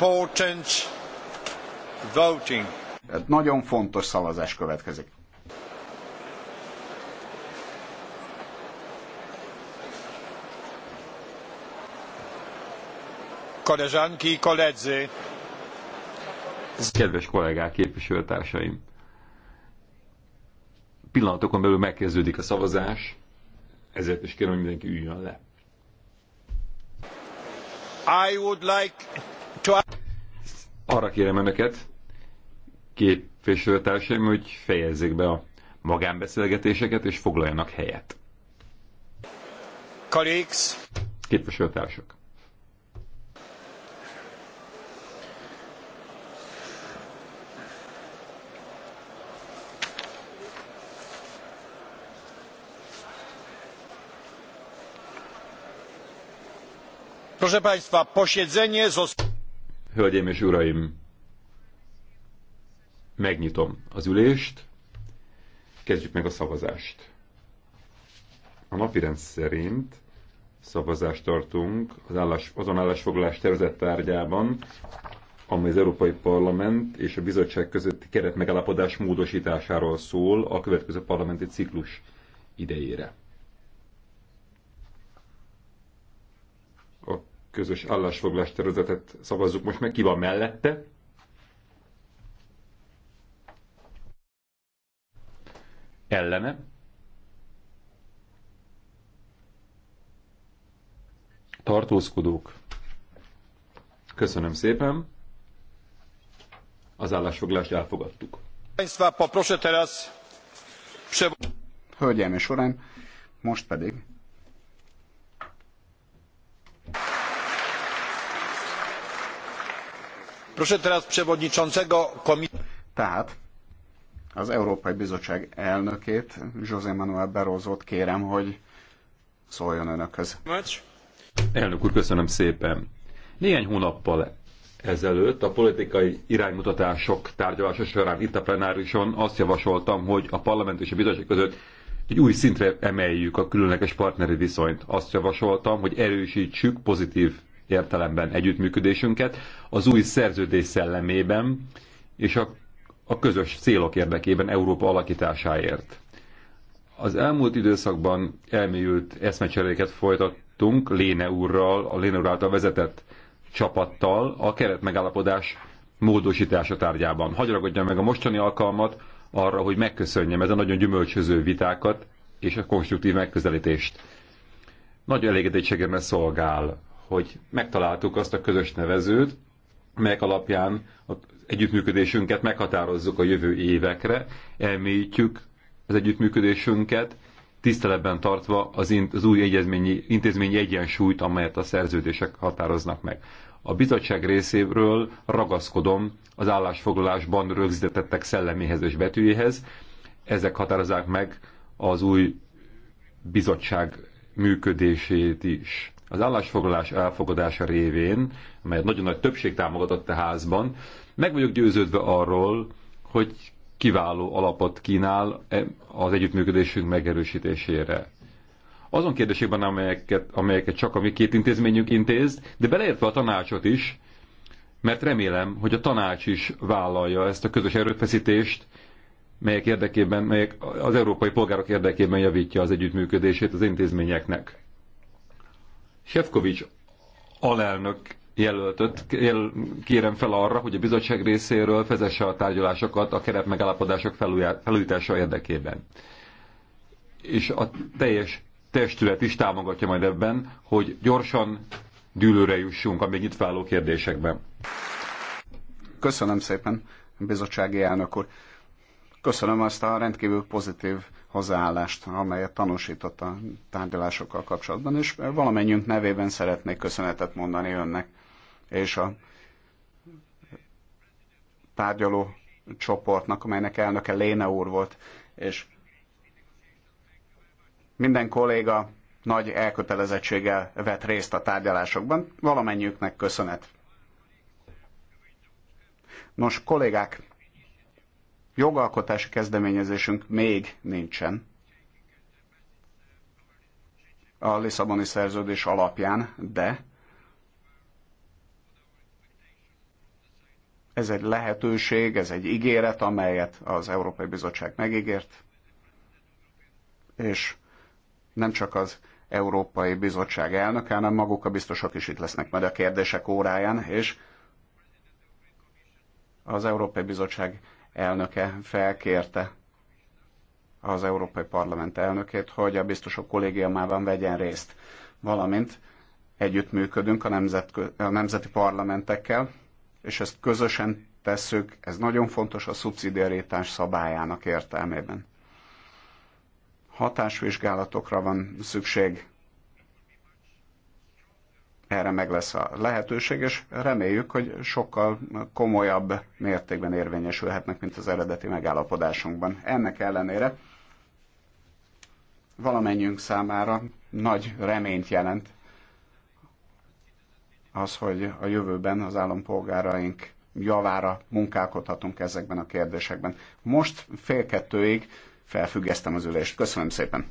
important voting. Hát nagyon fontos szavazás következik. Koleżanki i koledzy. Kedves kollégák, képviselőtársaim! Pillanatokon belül megkezdődik a szavazás, ezért is kérem, hogy mindenki üljön le. I would like arra kérem önöket, képviselőtársaim, hogy fejezzék be a magánbeszélgetéseket és foglaljanak helyet. Colleagues. Képviselőtársak. proszę państwa posiedzenie zostało Hölgyeim és uraim, megnyitom az ülést, kezdjük meg a szavazást. A rend szerint szavazást tartunk az állás, azon állásfoglalás tervezett tárgyában, amely az Európai Parlament és a Bizottság közötti keretmegállapodás módosításáról szól a következő parlamenti ciklus idejére. közös állásfoglás tervezetet szavazzuk most meg. Ki van mellette? Ellene? Tartózkodók. Köszönöm szépen. Az állásfoglalást elfogadtuk. Hölgyeim és uraim, most pedig Proszę teraz przewodniczącego komisji. Tehát az Európai Bizottság elnökét, José Manuel Barrosot kérem, hogy szóljon önökhöz. Elnök úr, köszönöm szépen. Néhány hónappal ezelőtt a politikai iránymutatások tárgyalása során itt a plenárison azt javasoltam, hogy a parlament és a bizottság között egy új szintre emeljük a különleges partneri viszonyt. Azt javasoltam, hogy erősítsük pozitív értelemben együttműködésünket az új szerződés szellemében és a, a közös célok érdekében Európa alakításáért. Az elmúlt időszakban elmélyült eszmecseréket folytattunk Léne úrral, a Léne úr által vezetett csapattal a keretmegállapodás módosítása tárgyában. Hagyragadjam meg a mostani alkalmat arra, hogy megköszönjem ezen nagyon gyümölcsöző vitákat és a konstruktív megközelítést. Nagy elégedettségemre szolgál, hogy megtaláltuk azt a közös nevezőt, melyek alapján az együttműködésünket meghatározzuk a jövő évekre, elmélyítjük az együttműködésünket, tiszteletben tartva az, az új egyezményi, intézményi egyensúlyt, amelyet a szerződések határoznak meg. A bizottság részéről ragaszkodom az állásfoglalásban rögzítettek szelleméhez és betűjéhez. Ezek határozzák meg az új bizottság működését is az állásfoglalás elfogadása révén, amelyet nagyon nagy többség támogatott a házban, meg vagyok győződve arról, hogy kiváló alapot kínál e az együttműködésünk megerősítésére. Azon kérdésekben, amelyeket, amelyeket csak a mi két intézményünk intéz, de beleértve a tanácsot is, mert remélem, hogy a tanács is vállalja ezt a közös erőfeszítést, melyek érdekében, melyek az európai polgárok érdekében javítja az együttműködését az intézményeknek. Sefcovics alelnök jelöltött, kérem fel arra, hogy a bizottság részéről fezesse a tárgyalásokat a keret megállapodások felújítása érdekében. És a teljes testület is támogatja majd ebben, hogy gyorsan dűlőre jussunk a még itt kérdésekben. Köszönöm szépen, bizottsági elnök úr. Köszönöm azt a rendkívül pozitív hozzáállást, amelyet tanúsított a tárgyalásokkal kapcsolatban, és valamennyiünk nevében szeretnék köszönetet mondani önnek, és a tárgyaló csoportnak, amelynek elnöke Léne úr volt, és minden kolléga nagy elkötelezettséggel vett részt a tárgyalásokban, valamennyiüknek köszönet. Nos, kollégák, jogalkotási kezdeményezésünk még nincsen. A Lisszaboni szerződés alapján, de ez egy lehetőség, ez egy ígéret, amelyet az Európai Bizottság megígért, és nem csak az Európai Bizottság elnöke, hanem maguk a biztosok is itt lesznek majd a kérdések óráján, és az Európai Bizottság elnöke felkérte az Európai Parlament elnökét, hogy a biztosok kollégiumában vegyen részt, valamint együttműködünk a, nemzet, a nemzeti parlamentekkel, és ezt közösen tesszük, ez nagyon fontos a szubszidiaritás szabályának értelmében. Hatásvizsgálatokra van szükség erre meg lesz a lehetőség, és reméljük, hogy sokkal komolyabb mértékben érvényesülhetnek, mint az eredeti megállapodásunkban. Ennek ellenére valamennyünk számára nagy reményt jelent az, hogy a jövőben az állampolgáraink javára munkálkodhatunk ezekben a kérdésekben. Most fél kettőig felfüggesztem az ülést. Köszönöm szépen!